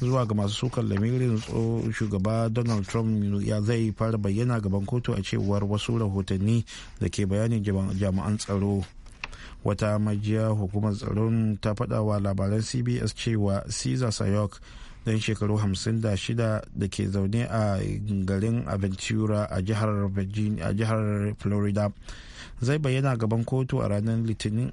zuwa ga masu sukan lamirin shugaba donald trump ya zai fara bayyana gaban kotu a cewar wasu rahotanni da ke bayanin jami'an tsaro wata majiya hukumar tsaron ta faɗa labaran cbs cewa caesar sayok dan shekaru 56 da ke zaune a garin aventura a a jihar florida zai bayyana gaban kotu a ranar litinin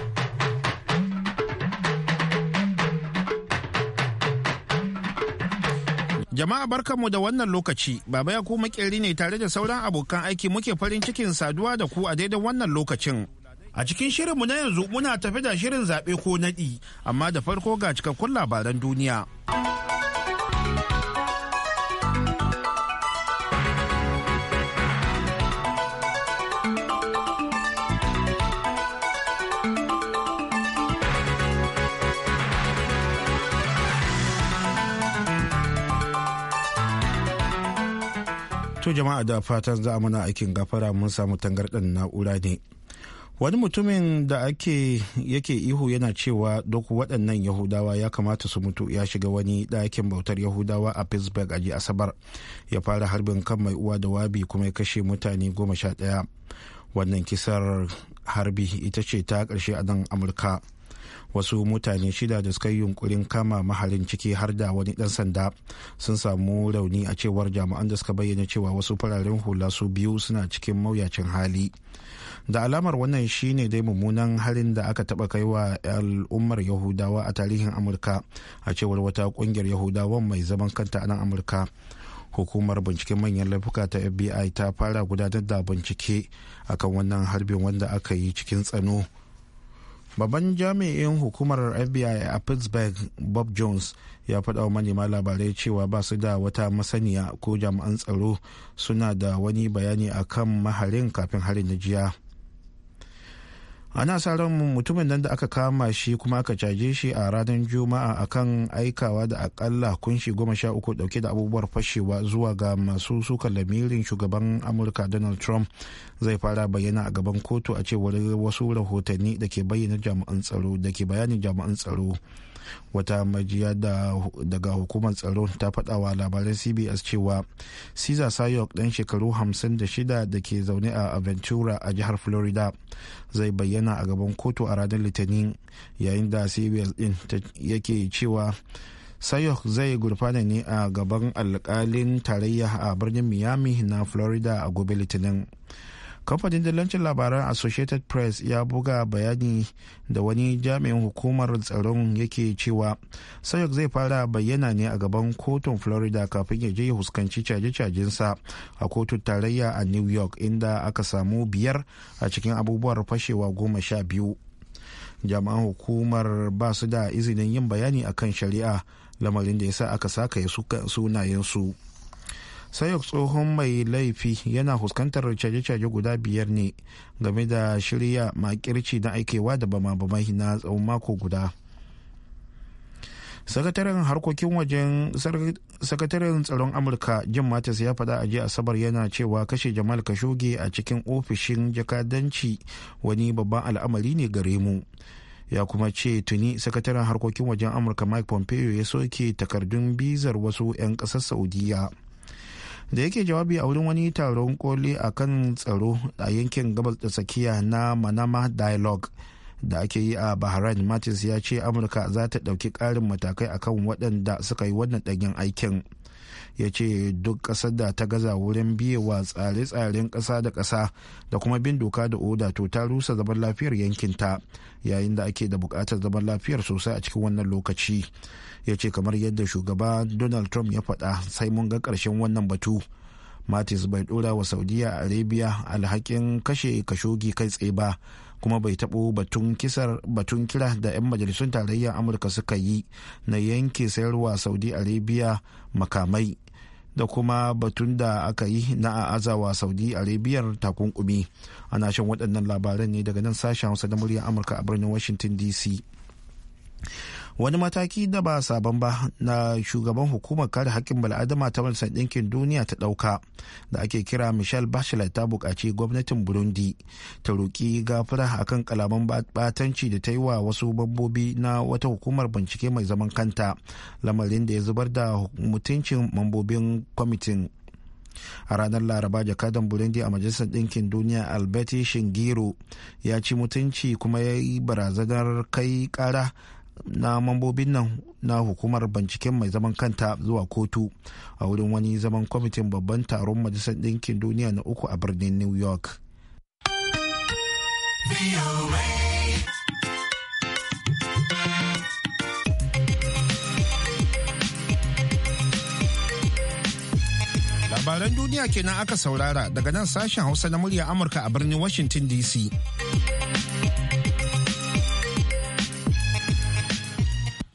Jama'a barkanmu da wannan lokaci, Baba ya ku makeri ne tare da sauran abokan aiki muke farin cikin saduwa da ku a daidai wannan lokacin. A cikin shirinmu na yanzu muna tafi da shirin zaɓe ko naɗi, amma da farko ga cikakkun labaran duniya. to jama'a da fatan za a mana aikin gafara mun samu tangarɗan na'ura ne wani mutumin da ake yake ihu yana cewa duk waɗannan yahudawa ya kamata su mutu ya shiga wani ɗakin bautar yahudawa a pittsburgh a aji asabar ya fara harbin kan mai uwa da wabi kuma ya kashe mutane goma sha ɗaya wannan kisar harbi ita ce ta ƙarshe a nan amurka wasu mutane shida da suka yi yunkurin kama mahalin ciki har da wani dan sanda sun samu rauni a cewar jami'an da suka bayyana cewa wasu fararen hula su biyu suna cikin mawuyacin hali da alamar wannan shine dai mummunan harin da aka taba kai wa al'ummar yahudawa a tarihin amurka a cewar wata kungiyar yahudawan mai zaman kanta a nan amurka hukumar binciken manyan laifuka ta fbi ta fara gudanar da bincike akan wannan harbin wanda aka yi cikin tsano babban jami'in hukumar fbi a pittsburgh bob jones ya faɗa wa manema labarai cewa ba su da wata masaniya ko jami'an tsaro suna da wani bayani akan maharin kafin harin na jiya ana sa ran mutumin nan da aka kama shi kuma aka caje shi a ranar juma'a akan aikawa da akalla kunshi goma sha uku dauke da abubuwar fashewa zuwa ga masu suka lamirin shugaban amurka donald trump zai fara bayyana a gaban kotu a cewar wasu rahotanni da ke bayyana jami'an tsaro da ke bayanin jami'an tsaro wata majiya daga hukumar tsaro ta faɗawa labaran cbs cewa caesar sayok ɗan shekaru 56 da ke zaune a aventura a jihar florida zai bayyana a gaban kotu a ranar litinin yayin da cbs ɗin yake cewa sayok zai gurfana ne a gaban alkalin tarayya a birnin miami na florida a gobe litinin kamfanin dillancin labaran associated press ya buga bayani da wani jami'in hukumar tsaron yake cewa sayok zai fara bayyana ne a gaban kotun florida kafin ya je ya huskanci caje-cajensa a kotun tarayya a new york inda aka samu biyar a cikin abubuwar fashewa goma sha biyu jami'an hukumar ba su da izinin yin bayani akan shari'a lamarin da ya sa aka saka sunayensu. sayok tsohon mai laifi yana fuskantar caje-caje guda biyar ne game da shirya makirci na aikewa da bama-bamai na tsawon mako guda sakataren harkokin wajen sakataren tsaron amurka jim mattis ya fada a jiya asabar yana cewa kashe jamal kashoge a cikin ofishin jakadanci wani babban al'amari ne gare mu ya kuma ce tuni sakataren harkokin wajen amurka mike pompeo ya soke takardun bizar wasu 'yan ƙasar saudiya da yake jawabi a wurin wani taron koli a kan tsaro a yankin gabas da tsakiya na manama dialogue da ake yi a bahrain martins ya ce amurka za ta ɗauki ƙarin matakai akan waɗanda suka yi wannan ɗanyen aikin ya ce duk ƙasar da ta gaza wurin biyewa tsare-tsaren ƙasa da ƙasa da kuma bin doka da oda to ta rusa zaman lafiyar yankinta yayin da ake da bukatar zaman lafiyar sosai a cikin wannan lokaci ya ce kamar yadda shugaba donald trump ya faɗa sai mun ga ƙarshen wannan batu matis bai ɗora wa saudiya arabia alhakin kashe kashogi kai tsaye ba kuma bai taɓo batun kisar batun kira da 'yan majalisun tarayyar amurka suka yi na yanke sayarwa saudi arabia makamai da kuma batun da aka yi na a azawa saudi arabiyar takunkumi ana shan waɗannan labaran ne daga nan sashen hausa da muryar amurka a birnin washington dc wani mataki da ba sabon ba na shugaban hukumar kare haƙƙin bal'adama ta majalisar ɗinkin duniya ta ɗauka da ake kira michelle bachelet ta bukaci gwamnatin burundi ta roƙi gafara akan kalaman batanci da ta yi wa wasu mambobi na wata hukumar bincike mai zaman kanta lamarin da ya zubar da mutuncin mambobin kwamitin a ranar laraba jakadan burundi a majalisar ɗinkin duniya alberti shingiro ya ci mutunci kuma ya yi barazanar kai ƙara na mambobin nan na hukumar binciken mai zaman kanta zuwa kotu a wurin wani zaman kwamitin babban taron majalisar ɗinkin duniya na uku a birnin new york labaran duniya kenan aka saurara daga nan sashen hausa na murya amurka a birnin washington dc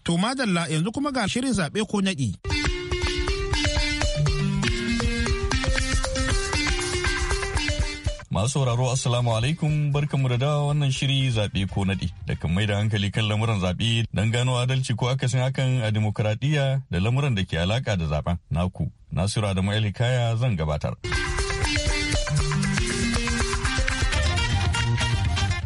To madalla yanzu kuma ga shirin zaɓe ko naɗi. Masu sauraro Assalamu alaikum barkanmu da dawa wannan shiri zaɓe ko naɗi da kan mai da hankali kan lamuran zaɓe don gano adalci ko akasin hakan a dimokuraɗiyya da lamuran da ke alaƙa da zaɓen naku. Nasiru Adamu Elikaya zan gabatar.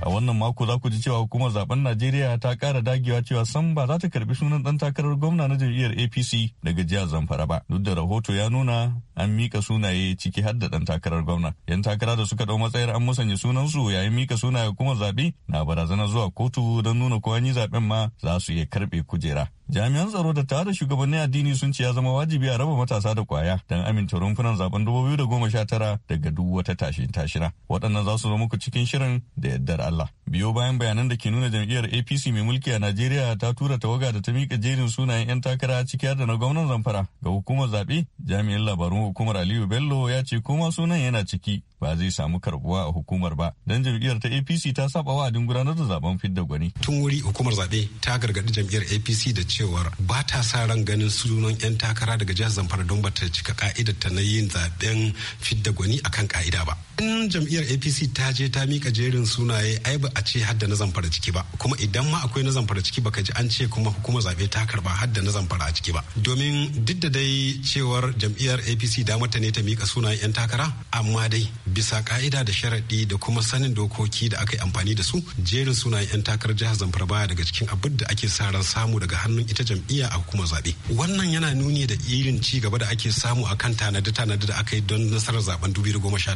a wannan mako za ku ji cewa hukumar zaben najeriya ta kara dagewa cewa san ba za ta karbi sunan dan takarar gwamna na jam'iyyar apc daga jihar zamfara ba duk da rahoto ya nuna an mika sunaye ciki har da dan takarar gwamna yan takara da suka dau matsayar an musanya sunansu yayin mika sunaye hukumar zabe na barazana zuwa kotu don nuna ko an yi zaben ma za su iya karbe kujera jami'an tsaro da tare shugabanni addini sun ce ya zama wajibi a raba matasa da kwaya don aminta rumfunan zaben 2019 daga duk wata tashin tashina waɗannan za su zo muku cikin shirin da yaddar Allah. Biyo bayan bayanan da ke nuna jam'iyyar APC mai mulki a Najeriya ta tura tawaga da ta mika jerin sunayen 'yan takara ciki da na gwamnan Zamfara ga hukumar zaɓe, jami'in labarun hukumar Aliyu Bello ya ce koma sunan yana ciki ba zai samu karbuwa a hukumar ba dan jam'iyyar ta APC ta saba wa'adin gudanar da zaben fidda gwani. Tun wuri hukumar zaɓe ta gargaɗi jam'iyyar APC da cewar ba ta sa ran ganin sunan 'yan takara daga jihar Zamfara don ba ta cika ka'idar ta na yin zaɓen fidda gwani akan ka'ida ba. In jam'iyyar APC ta je ta mika jerin sunaye ai ba a ce hadda na zamfara ciki ba kuma idan ma akwai na zamfara ciki baka ji an ce kuma hukumar zabe ta karba hadda na zamfara a ciki ba domin duk da dai cewar jam'iyyar APC da mata ne ta mika sunayen yan takara amma dai bisa ka'ida da sharaɗi da kuma sanin dokoki da aka yi amfani da su jerin sunayen yan takarar jihar Zamfara baya daga cikin abin da ake sa ran samu daga hannun ita jam'iyya a hukumar zabe wannan yana nuni da irin ci gaba da ake samu a kan tanadi tanadi da aka yi don nasarar zaben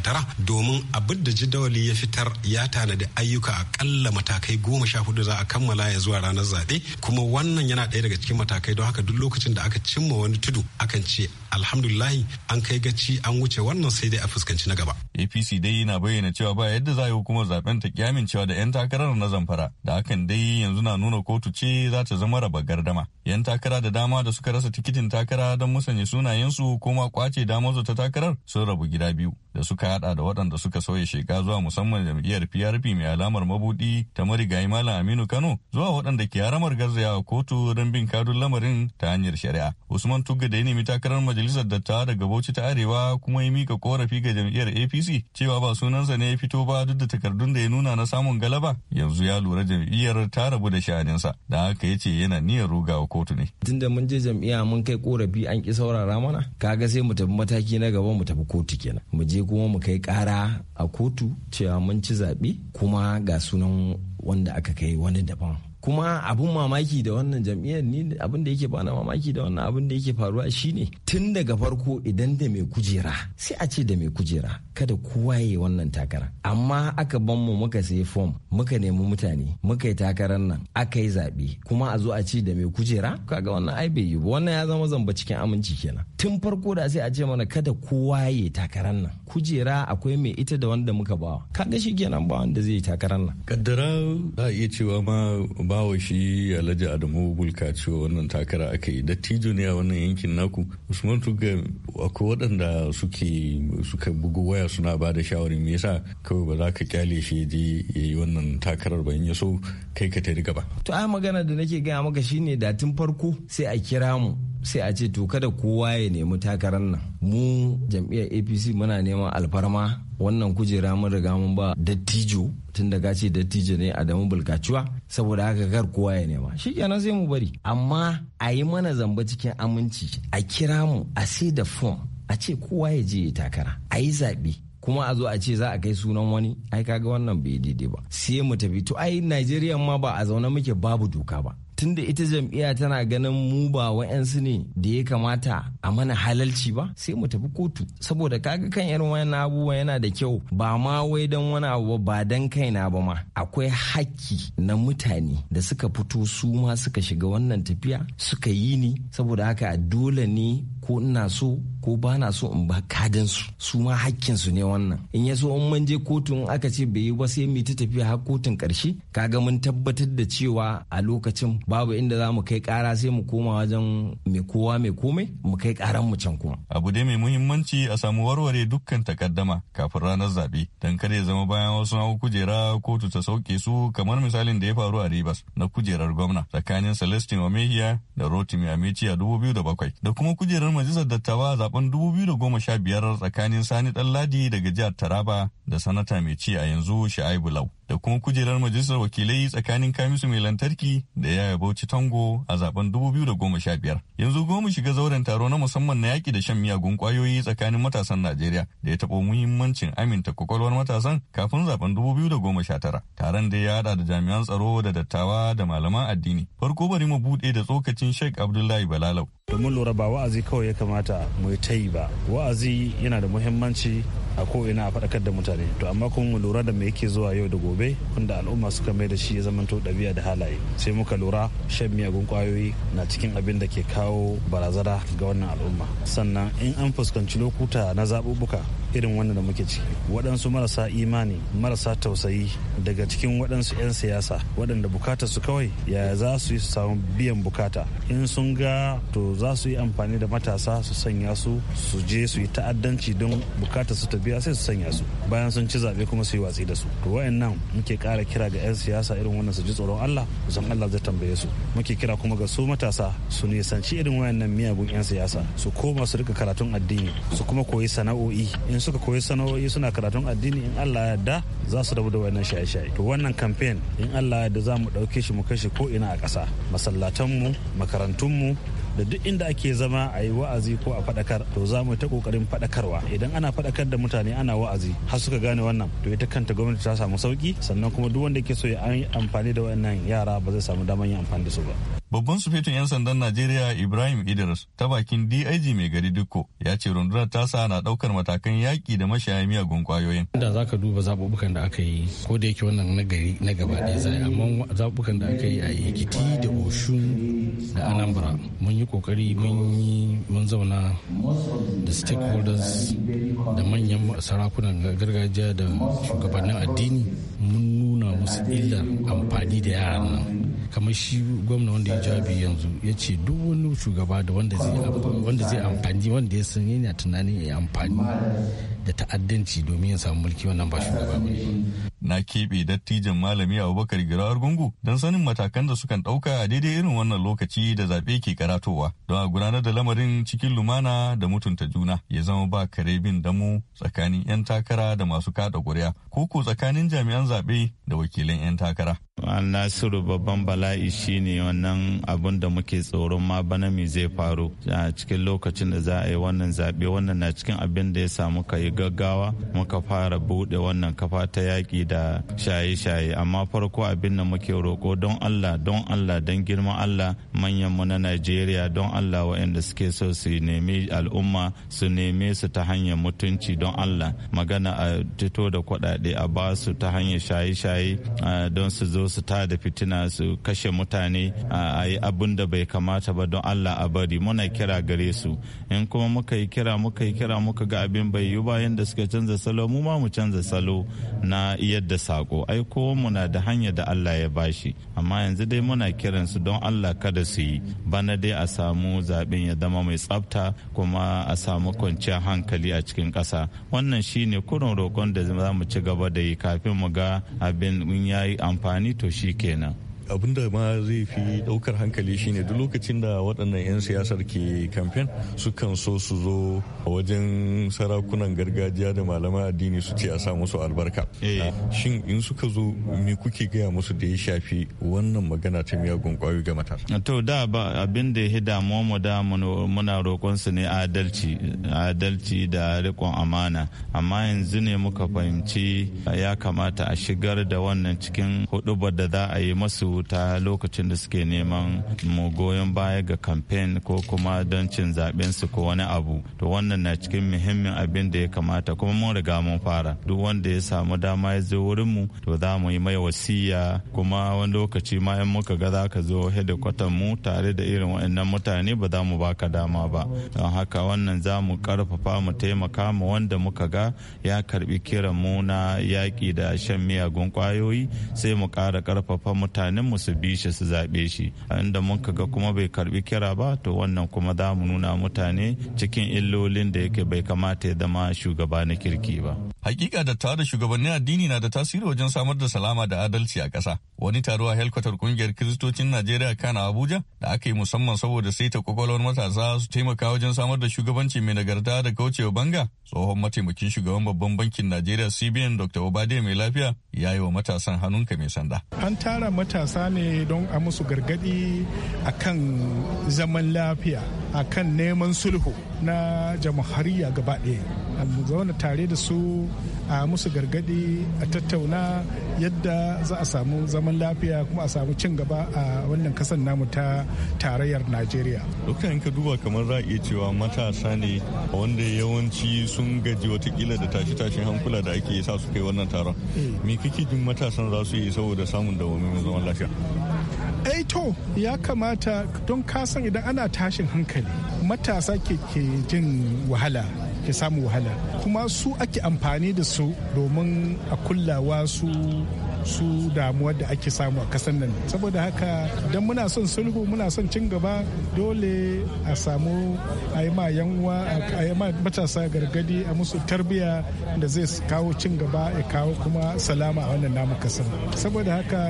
tara domin abin da jidawali ya fitar ya tanadi ayyuka ayyuka akalla matakai goma sha hudu za a kammala ya zuwa ranar zaɓe kuma wannan yana ɗaya daga cikin matakai don haka duk lokacin da aka cimma wani tudu akan ce alhamdulillahi an kai gaci an wuce wannan sai dai a fuskanci na gaba. APC dai na bayyana cewa ba yadda za a yi hukumar zaben ta cewa da 'yan takarar na zamfara da hakan dai yanzu na nuna kotu ce za ta zama raba gardama. 'Yan takara da dama da suka rasa tikitin takara don musanya sunayensu ko ma kwace damarsu ta takarar sun rabu gida biyu da suka hada da waɗanda suka sauya shiga zuwa musamman jam'iyyar PRP mai alamar mabuɗi ta marigayi Malam Aminu Kano zuwa waɗanda ke haramar garzayawa kotu don bin kadun lamarin ta hanyar shari'a. Usman Tugga da ya nemi takarar majalisar majalisar dattawa daga Bauchi ta Arewa kuma ya mika korafi ga jam'iyyar APC cewa ba sunansa ne ya fito ba duk da takardun da ya nuna na samun galaba yanzu ya lura jam'iyyar ta rabu da sha'aninsa da haka ya ce yana niyyar rugawa kotu ne. da mun je jam'iyya mun kai korafi an ki saurara mana kaga sai mu tafi mataki na gaba mu tafi kotu kenan mu je kuma mu kai kara a kotu cewa mun ci zaɓe kuma ga sunan wanda aka kai wani daban kuma abun mamaki da wannan jam'iyyar ni abin da yake bana mamaki da wannan abin da yake faruwa shine tun daga farko idan da mai kujera sai a ce da mai kujera kada kowa ya wannan takara amma aka ban mu muka sayi fom muka nemi mutane muka yi takarar nan aka yi zaɓe kuma a zo a ce da mai kujera kaga wannan ai bai yi ba wannan ya zama zamba cikin aminci kenan tun farko da sai a ce mana kada kowa ya takarar nan kujera akwai mai ita da wanda muka bawa kaga shi kenan ba wanda zai yi takarar nan kaddara za a iya cewa ma ba bawa wa shi alhaji adamu bulka cewa wannan takara aka yi dattijo ne a wannan yankin naku usman tuga akwai waɗanda suke suka bugu waya suna ba da shawarin me yasa kawai ba za ka kyale shi je ya yi wannan takarar ba in ya so kai ka tari gaba to a magana da nake gaya maka shine da tun farko sai a kira mu sai a ce to kada kowa ya nemi takarar nan mu jam'iyyar apc muna neman alfarma wannan kujera mun riga mun ba dattijo tun daga ce dattijo ne adamu bulkacuwa saboda haka kar kowa ya nema shi kenan sai mu bari amma a yi mana zamba cikin aminci a kira mu a sai da fom a ce kowa ya je ya takara a yi zaɓe kuma a zo a ce za a kai sunan wani ai kaga wannan bai daidai ba sai mu tafi to ai Najeriya ma ba a zaune muke babu doka ba tunda ita jam'iyya tana ganin mu ba wa'yansu ne da ya kamata a mana halalci ba sai mu tafi kotu saboda kaga kan irin wani abubuwa yana da kyau ba ma wai don wani abu ba don kaina ba ma akwai haƙƙi na mutane da suka fito su ma suka shiga wannan tafiya suka yi ni saboda haka dole ne ko ina so ko ba na so in ba kadin su su ma hakkin su ne wannan in ya so in man je kotu in aka ce bai yi ba sai mu ta tafiya har kotun karshe kaga mun tabbatar da cewa a lokacin babu inda za mu kai kara sai mu koma wajen mai kowa mai komai mu kai karan mu can kuma abu dai mai muhimmanci a samu warware dukkan takaddama kafin ranar zabe don kada ya zama bayan wasu hau kujera kotu ta sauke su kamar misalin da ya faru a Rivers na kujerar gwamna tsakanin Celestin Omehia da Rotimi Amici a 2007 da kuma kujerar majalisar dattawa a zaben 2015 tsakanin Sani Ɗanladi daga jihar Taraba da sanata mai ci a yanzu Sha'ibu Lau. da kuma kujerar majalisar wakilai tsakanin kamisu mai lantarki da yaya bauchi tango a zaben 2015 yanzu goma shiga zauren taro na musamman na yaki da shan miyagun ƙwayoyi tsakanin matasan najeriya da ya taɓo muhimmancin aminta kwakwalwar matasan kafin zaben 2019 taron da ya haɗa da jami'an tsaro da dattawa da malaman addini farko bari mu buɗe da tsokacin sheikh abdullahi balalau domin lura ba wa'azi kawai ya kamata mu ta yi ba wa'azi yana da muhimmanci a ko'ina a faɗakar da mutane to amma kuma mu lura da me yake zuwa yau da gobe wanda al'umma suka mai da shi ya zamanto ɗabi'a da halaye sai muka lura shan miyagun ƙwayoyi na cikin abin da ke kawo barazana ga wannan al'umma sannan in an fuskanci lokuta na zaɓuɓɓuka irin wannan da muke ciki waɗansu marasa imani marasa tausayi daga cikin waɗansu 'yan siyasa waɗanda bukatar su kawai yaya za su yi su samu biyan bukata in sun ga to za su yi amfani da matasa su sanya su su je su yi ta'addanci don bukatar su ta sai su sanya su bayan sun ci zaɓe kuma su yi watsi da su to wayannan muke ƙara kira ga 'yan siyasa irin wannan su ji tsoron Allah zan Allah zai tambaye su muke kira kuma ga su matasa su nisanci irin wayannan miyagun 'yan siyasa su koma su rika karatun addini su kuma koyi sana'o'i in suka koyi sana'o'i suna karatun addini in Allah ya yarda za su rabu da wayannan shaye-shaye to wannan kamfen in Allah ya yarda za mu ɗauke shi mu kai shi ko ina a ƙasa masallatanmu makarantunmu da duk inda ake zama a yi wa'azi ko a faɗakar to za mu ta ƙoƙarin faɗakarwa idan ana faɗakar da mutane ana wa'azi har suka gane wannan to ita kanta gwamnati ta samu sauki sannan kuma duk wanda ke so ya amfani da wannan yara ba zai samu damar yin amfani da su ba. Babban sufetun 'yan sandan Najeriya Ibrahim Idris ta bakin DIG mai gari Dukko ya ce rundunar tasa na daukar matakan yaƙi da mashaya miyagun kwayoyin. Da za ka duba zaɓuɓɓukan da aka yi ko da yake wannan na gari na gaba ɗaya zai amma zaɓuɓɓukan da aka yi a Ekiti da Oshun da Anambra mun yi kokari mun yi mun zauna da stakeholders da manyan sarakunan gargajiya da shugabannin addini mun nuna musu illar amfani da yaran nan kamar shi gwamna wanda ya jawabi yanzu ya ce duk wani shugaba da wanda zai amfani wanda ya san yana tunanin ya amfani da ta'addanci domin ya samu mulki wannan ba shugaba ba na keɓe dattijan malami abubakar girawar gungu don sanin matakan da sukan ɗauka a daidai irin wannan lokaci da zaɓe ke karatowa don a gudanar da lamarin cikin lumana da mutunta juna ya zama ba kare bin damu tsakanin 'yan takara da masu kaɗa ƙuri'a ko ko tsakanin jami'an zaɓe da wakilan 'yan takara. Nasiru babban bala'i shine wannan abun da muke tsoron ma bana me zai faru a cikin lokacin da za a yi wannan zaɓe wannan na cikin abin da ya samu ka yi gaggawa muka fara bude wannan kafa ta yaƙi da shaye-shaye amma farko abin da muke roƙo don allah don allah don girma allah manyanmu na najeriya don allah waɗanda suke so su nemi al'umma su neme su ta hanyar mutunci don allah magana a fito da kwaɗaɗe a ba su ta hanyar shaye-shaye don su zo su ta da fitina su kashe mutane a yi abin da bai kamata ba don allah a bari muna kira gare su in kuma muka yi kira muka yi kira muka ga abin bai yi ba da suka canza salo mu ma mu canza salo na yadda sako ai mu na da hanya da Allah ya bashi amma yanzu dai muna kiran su don Allah kada su yi bana dai a samu zaben ya zama mai tsafta kuma a samu kwanciyar hankali a cikin ƙasa wannan shine kurin roƙon da za mu ci gaba da yi kafin mu ga abin in yayi amfani to shi kenan abinda ma zai fi daukar hankali shine duk lokacin da waɗannan 'yan siyasar ke kamfen sukan so su zo wajen sarakunan gargajiya da malaman addini su ce a sa musu albarka eh. shin in suka zo me kuke gaya musu da ya shafi wannan magana ta miyagun kwayo ga matasa to da ba abin da ya damuwa mu da muna roƙon su ne adalci adalci da riƙon amana amma yanzu ne muka fahimci ya kamata a shigar da wannan cikin hudubar da za a yi masu ta lokacin da suke neman mu goyon baya ga kamfen ko kuma don cin zaben su ko wani abu to wannan na cikin muhimmin abin da ya kamata kuma mun riga mun fara duk wanda ya samu dama ya zo wurin mu to za mu yi mai wasiya kuma wani lokaci ma in muka ga za ka zo hedikwatan mu tare da irin waɗannan mutane ba za mu baka dama ba don haka wannan za mu karfafa mu taimaka mu wanda muka ga ya karbi kiran mu na yaƙi da shan miyagun kwayoyi sai mu ƙara karfafa mutane. mu su bi shi su zaɓe shi inda mun ga kuma bai karbi kira ba to wannan kuma za mu nuna mutane cikin illolin da yake bai kamata ya zama shugaba na kirki ba. Hakika da tare shugabannin addini na da tasiri wajen samar da salama da adalci a ƙasa. Wani taro a helkwatar kungiyar Kiristocin Najeriya kana Abuja da aka yi musamman saboda saita kwakwalwar matasa su taimaka wajen samar da shugabanci mai nagarta da kaucewa banga. Tsohon mataimakin shugaban babban bankin Najeriya CBN Dr. Obade mai lafiya ya yi wa matasan hannunka mai sanda. An tara matasa ƙasa ne don a musu gargaɗi a kan zaman lafiya a kan neman sulhu na jamhuriya gaba ɗaya zauna tare da su a musu gargaɗi a tattauna yadda za a samu zaman lafiya kuma a samu cin gaba a wannan kasan namu ta tarayyar najeriya dukkan ka duba kamar za iya cewa matasa ne wanda yawanci sun gaji watakila da tashi-tashin hankula da ake sa su kai wannan taron eh. me kake jin matasan za su yi saboda samun dawamin zaman lafiya haka Aito eh ya kamata don kasan idan ana tashin hankali matasa ke jin wahala ke samu wahala kuma su ake amfani da su domin a kullawa su su damuwar da ake samu a kasar nan saboda haka don muna son sulhu muna son cin gaba dole a samu a yi ma yanwa a yi ma matasa gargadi a musu tarbiyya da zai kawo cin gaba ya kawo kuma salama a wannan namu kasar saboda haka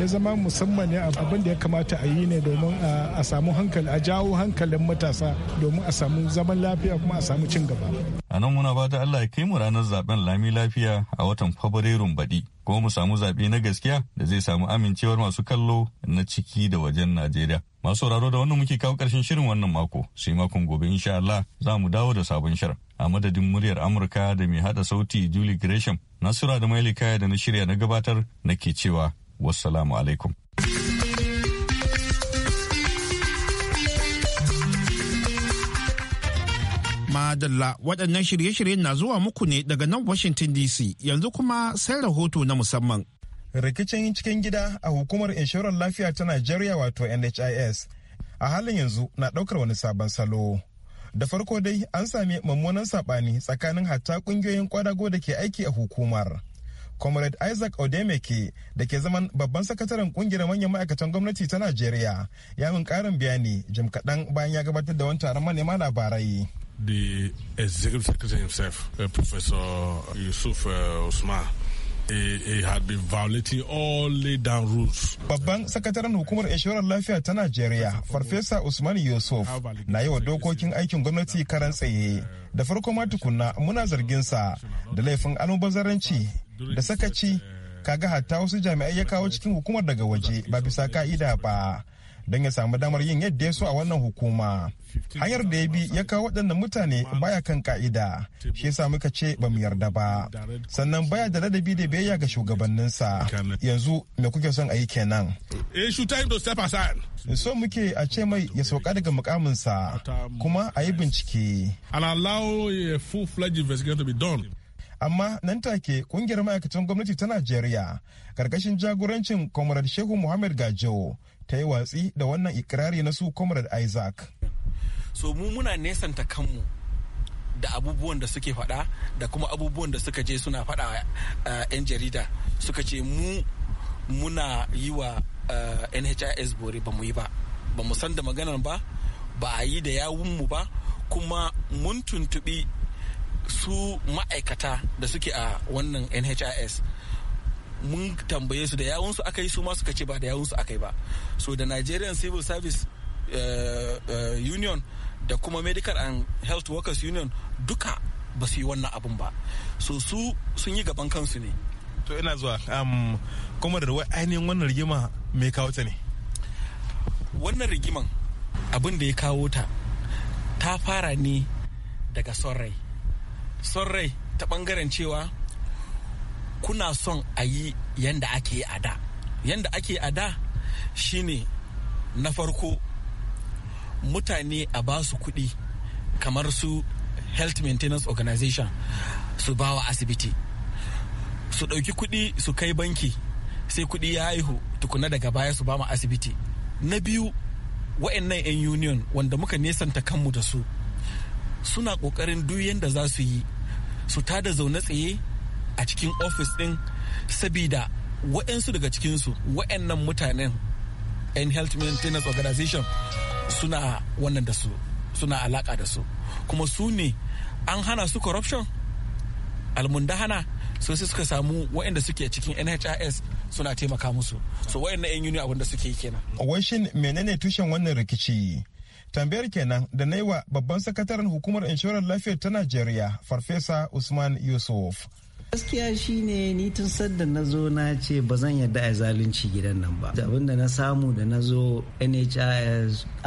ya zama musamman abin da ya kamata a yi ne domin a samu hankali a jawo hankalin matasa domin a samu zaman lafiya kuma a samu cin gaba a nan muna ba allah ya kai mu ranar zaben lami lafiya a watan fabrairun baɗi ko mu samu zaɓe na gaskiya da zai samu amincewar masu kallo na ciki da wajen Najeriya. Masu sauraro da wannan muke kawo ƙarshen shirin wannan mako, sai makon gobe insha Allah za mu dawo da sabon shirin. A madadin muryar Amurka da mai haɗa sauti Julie Gresham, Nasura da Maili Kaya da na shirya na gabatar na ke cewa wassalamu alaikum. Madalla waɗannan shirye-shiryen na zuwa muku ne daga nan Washington DC yanzu kuma sai rahoto na musamman. Rikicin cikin gida a hukumar inshorar lafiya ta Najeriya wato NHIS a halin yanzu na ɗaukar wani sabon salo. Da farko dai an sami mummunan saɓani tsakanin hatta ƙungiyoyin kwadago da ke aiki a hukumar. comrade isaac odemeke da ke zaman babban sakataren ƙungiyar manyan ma'aikatan gwamnati ta najeriya ya min ƙarin bayani jim kaɗan bayan ya gabatar da wani taron manema labarai the executive secretary himself, uh, Professor Yusuf uh, Usman. Babban sakataren hukumar inshorar lafiya ta Najeriya, Farfesa Usman Yusuf, na yi wa dokokin aikin gwamnati karan tsaye. Da farko ma tukunna muna zarginsa da laifin almubazaranci da sakaci kaga hatta wasu jami'ai ya kawo cikin hukumar daga waje ba bisa ka'ida ba don ya samu damar yin yadda ya so a wannan hukuma hanyar da ya bi ya kawo waɗannan mutane baya kan ka'ida shi yasa muka ce ba mu yarda ba sannan baya da ladabi da biyayya ga shugabanninsa yanzu me kuke son a yi kenan eh, so muke a ce mai ya sauka daga mukaminsa kuma a yi bincike amma nan take kungiyar ma'aikatan gwamnati ta najeriya karkashin jagorancin comrade shehu muhammad gajo ta yi watsi da wannan ikirari na su comrade isaac so mu muna nesanta kanmu da abubuwan da suke fada da kuma abubuwan da suka je suna faɗa a eh, 'yan jarida suka ce mu muna yi wa eh, nhis bore ba mu yi ba ba mu san da maganar ba ba a yi da yawunmu ba kuma mun tuntuɓi su ma'aikata da suke a wannan nhis mun tambaye su da yawun su aka yi su ma suka ce ba da yawun su aka yi ba so da Nigerian Civil Service eh, eh, Union da kuma Medical and Health Workers Union duka ba su yi wannan abun ba so su sun yi gaban kansu ne to ina zuwa kuma da wai ainihin wannan rigima mai kawo ta ne wannan rigiman abin da ya kawo ta ta fara ne daga son rai son rai ta bangaren cewa kuna son a yi yanda ake yi a da yanda ake a da shine na farko mutane a ba su kuɗi kamar su health maintenance organization su bawa asibiti su ɗauki kuɗi su kai banki sai kuɗi ya haihu tukuna daga baya su bama asibiti na biyu wa'annan 'yan union wanda muka nesanta kanmu da su suna ƙoƙarin duk yadda za su yi su tada zaune tsaye a cikin ofis din sabida waɗansu daga cikinsu waɗannan mutanen yan health maintenance organization suna wannan da su suna alaka da su kuma su ne an hana su corruption almundahana so sai suka samu waɗanda suke cikin nhis suna taimaka musu so waɗannan yan yuni abinda suke yi kenan wai shin menene tushen wannan rikici tambayar kenan da na babban sakataren hukumar inshorar lafiyar ta najeriya farfesa usman yusuf gaskiya shine ni tun sadda na zo na ce ba zan yarda a zalunci gidan nan ba abin da na samu da na zo nhis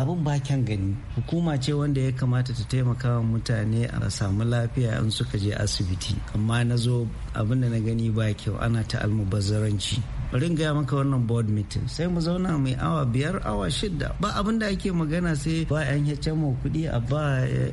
abin ba kyan gani hukuma ce wanda ya kamata ta taimaka wa mutane a samu lafiya in suka je asibiti amma na zo abin da na gani ba kyau ana ta almubazzaranci bari gaya maka wannan board meeting sai mu zauna mai awa biyar awa shida ba abin da ake magana sai ba yan HMO kuɗi a ba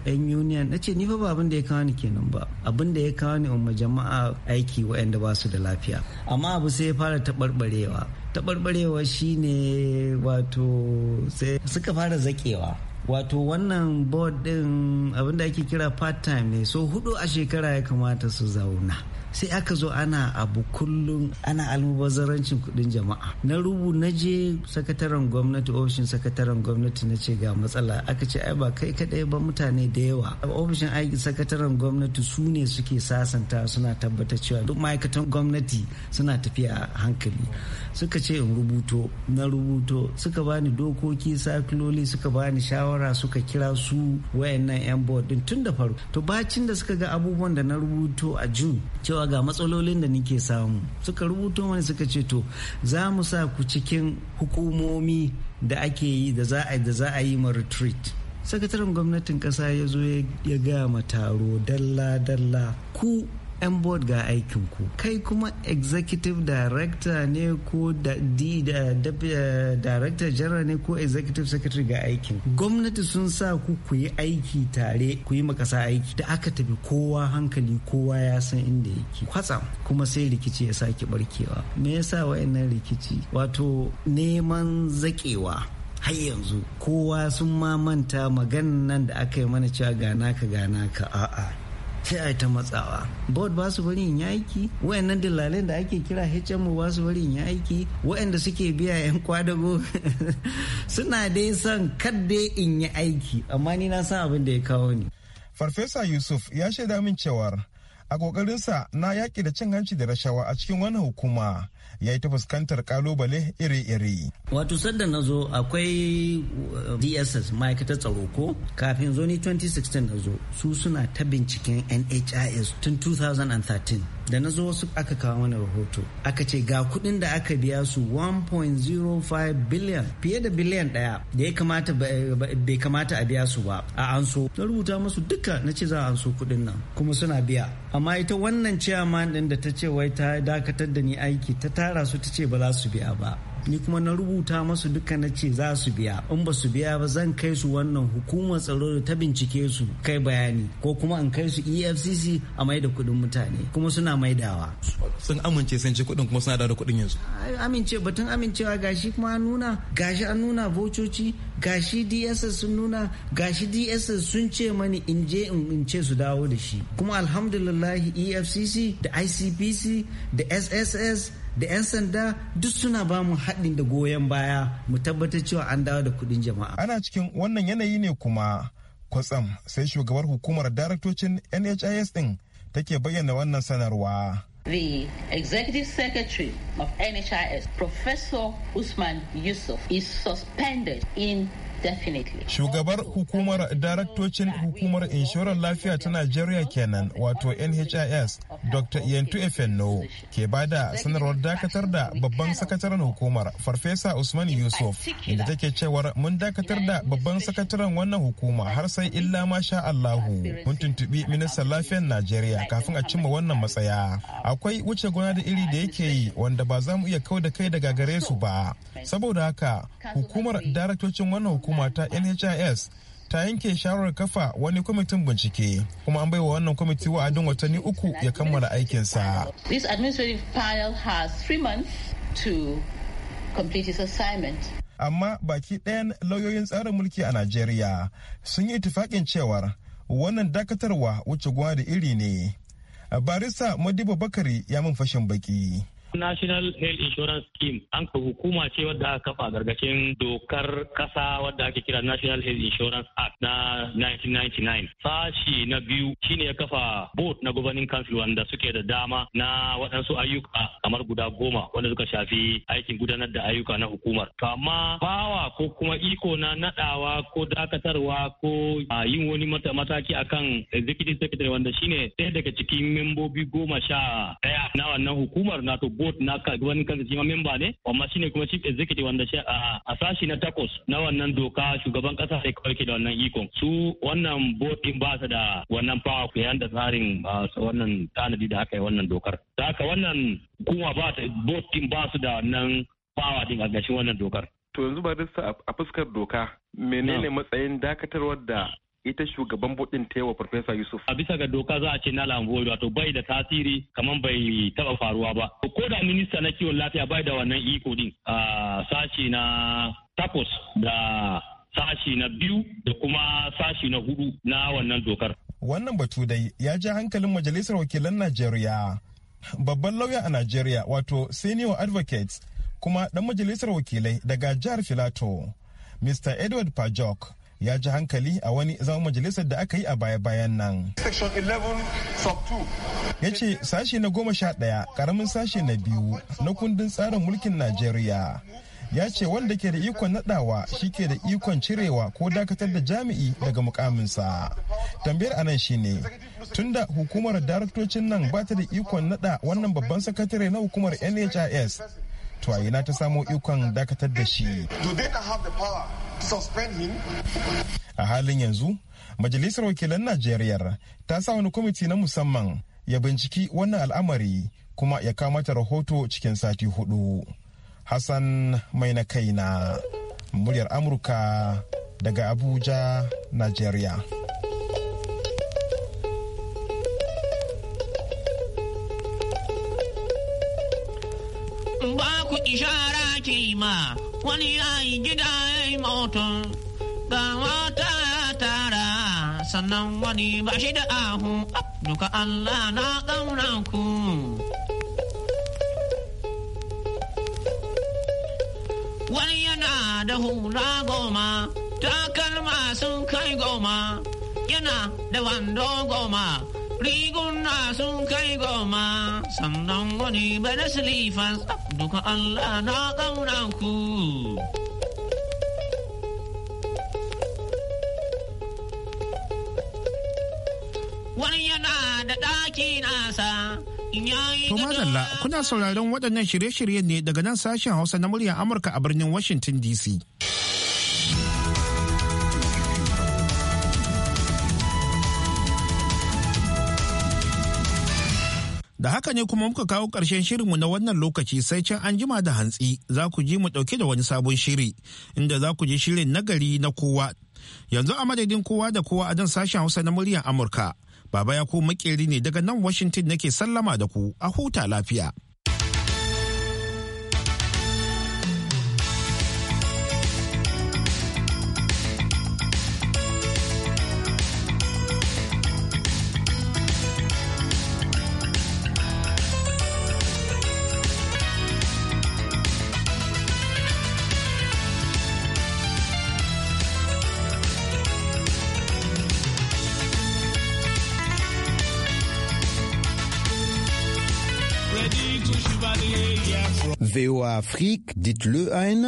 yan union na ce ni fa ba abin da ya kawo ni kenan ba abin da ya kawo ni umma jama'a aiki waɗanda ba su da lafiya amma abu sai ya fara taɓarɓarewa taɓarɓarewa shine wato sai suka fara zaƙewa wato wannan board din abinda ake kira part time ne so hudu a shekara ya kamata su zauna sai aka zo ana abu kullum ana almubazarancin kudin jama'a na rubu na je sakataren gwamnati ofishin sakataren gwamnati na ce ga matsala aka ce ai ba kai kadai ba mutane da yawa ofishin aiki sakataren gwamnati su ne suke sasanta suna tabbata cewa duk ma'aikatan gwamnati suna tafiya a hankali suka ce in rubuto na rubuto suka bani dokoki sakiloli suka bani shawara suka kira su wayannan yan board din tun da faru to bacin da suka ga abubuwan da na rubuto a june cewa cewa ga matsalolin da nike samu suka rubuto mani suka ce to za mu sa ku cikin hukumomi da ake yi da za a yi ma retreat sakataren gwamnatin kasa ya zo ya gama taro dalla dalla ku 'yan board ga aikin ku kai kuma executive director ne ko eh, director general ne ko executive secretary ga aikin gwamnati sun sa ku ku yi aiki tare ku yi makasa aiki da aka tafi kowa hankali kowa ya san inda yake kwatsam kuma sai rikici ya sake barkewa me yasa wa'annan rikici wato neman zakewa har yanzu kowa sun mamanta maganan nan da aka yi mana cewa gana ka gana ka a'a sai a ta matsawa board ba su bari yi aiki wayannan dillalen da ake kira HMO ba su bari yi aiki wayanda suke biya yan kwadago suna dai son kadde in yi aiki amma ni na san abin da ya kawo ni farfesa yusuf ya shaida min cewar a kokarinsa na yaki da cin hanci da rashawa a cikin wannan hukuma ya yi ta fuskantar kalubale iri-iri. Wato sanda na zo akwai DSS uh, ma'aikatar tsaro ko kafin zo ni 2016 na zo su suna ta binciken NHIS tun 2013. da na zo wasu aka kawo mana rahoto aka ce ga kudin da aka biya su 1.05 biliyan fiye da biliyan daya da ya kamata bai kamata a biya su ba a an so na rubuta masu duka na ce za a an so kuɗin nan kuma suna biya amma ita wannan ciyaman ɗin da ta ce wai ta dakatar da ni aiki ta tara su ta ce ba za su biya ba ni kuma na rubuta masu duka na ce za su biya in ba su biya ba zan kai su wannan hukumar tsaro da ta bincike su kai bayani ko kuma an kai su efcc a maida kuɗin mutane kuma suna maidawa sun amince sun ci kuɗin kuma suna da kuɗin yanzu amince batun amincewa gashi kuma an nuna gashi an nuna bococi gashi dss sun nuna gashi dss sun ce mani in je in ce su dawo da shi kuma alhamdulillah efcc da icpc da sss da 'yan sanda duk suna ba mu haɗin da goyon baya mu tabbatar cewa an dawo da kuɗin jama'a. Ana cikin wannan yanayi ne kuma kwatsam sai shugabar hukumar daraktocin NHIS ɗin take bayyana wannan sanarwa. The Executive Secretary of NHIS, Professor Usman Yusuf, is suspended in Shugabar hukumar daraktocin hukumar inshorar lafiya ta Najeriya kenan wato NHIS Dr. Yentu Efenno ke bada sanarwar dakatar da babban sakataren hukumar Farfesa Usman Yusuf inda take cewar mun dakatar da babban sakataren wannan hukuma har sai illa masha Allahu mun tuntubi ministan lafiyar Najeriya kafin a cimma wannan matsaya. Akwai wuce gona da iri da yake yi wanda ba za mu iya kau da kai daga gare su ba. Saboda haka hukumar daraktocin wannan hukumar hukuma ta nhis ta yanke shawarar kafa wani kwamitin bincike kuma an baiwa wannan kwamiti wa'adin watanni uku ya kammala aikinsa. This has to complete Amma baki ɗayan lauyoyin tsarin mulki a Najeriya sun yi tufaƙin cewar wannan dakatarwa wuce gwada iri ne. Barista madiba Bakari ya min fashin baki. National Health Insurance Scheme an ka hukuma ce wadda aka kafa gargashin dokar kasa wadda ake kira National Health Insurance Act na 1999. Sashi na biyu shine ya kafa board na governing council wanda suke da dama na waɗansu ayyuka kamar guda goma wanda suka shafi aikin gudanar da ayyuka na hukumar. To amma bawa ko kuma iko na nadawa ko dakatarwa ko yin wani mataki akan executive secretary wanda shine ɗaya daga cikin membobi goma sha ɗaya na wannan hukumar na to board na wani kansa shi ma memba ne amma shine kuma chief executive wanda shi a sashi na takos. na wannan doka shugaban kasa sai kawai ke da wannan ikon su wannan board din ba su da wannan power ku yanda tsarin wannan tanadi da aka yi wannan dokar da haka wannan kuma ba board din ba su da wannan power din a wannan dokar to yanzu ba a fuskar doka menene matsayin dakatarwar da ita shugaban bodin ta yawa farfesa yusuf a bisa ga doka za a ce na lambori wato bai da tasiri kamar bai taba faruwa ba ko da minista na kiwon lafiya bai da wannan iko din a sashi na takwas da sashi na biyu da kuma sashi na hudu na wannan dokar wannan batu dai ya ja hankalin majalisar wakilan najeriya babban lauya a najeriya wato senior advocates kuma dan majalisar wakilai daga jihar filato mr edward pajok ya ji hankali a wani zaman majalisar da aka yi a baya-bayan nan. Ya ce sashe na goma sha ɗaya ƙaramin sashe na biyu na kundin tsarin mulkin Najeriya. Ya ce wanda ke da ikon naɗawa shi ke da ikon cirewa ko dakatar da jami'i daga mukaminsa. Tambayar anan shi ne, tunda hukumar daraktocin nan ba ta da ikon naɗa wannan babban sakatare na hukumar NHIS to a ina ta samo ikon dakatar da shi a halin yanzu majalisar wakilan najeriya ta sa wani kwamiti na musamman ya binciki wannan al'amari kuma ya kamata rahoto cikin sati hudu hassan mai na kai na muryar amurka daga abuja najeriya Bye. ku ishara ce ma wani ya yi gida ya yi da ga ya tara sannan wani ba shi da ahu duka Allah na ƙauna ku. Wani yana da hula goma takalma sun kai goma yana da wando goma. riguna sun kai goma sannan wani bane silifan duka Allah na ƙauna ku. Wani yana da ɗaki nasa To madalla kuna sauraron waɗannan shirye-shiryen ne daga nan sashen Hausa na muryar Amurka a birnin Washington DC. Da haka ne kuma muka kawo ƙarshen shirinmu na wannan lokaci sai can an jima da hantsi za ku ji mu ɗauke da wani sabon shiri inda za ku ji shirin nagari na kowa. Yanzu a madadin kowa da kowa a dan sashen Hausa na muryar Amurka. Baba ya ku makeri ne daga nan Washington nake sallama da ku a huta lafiya. VOA Afrique, dites-le à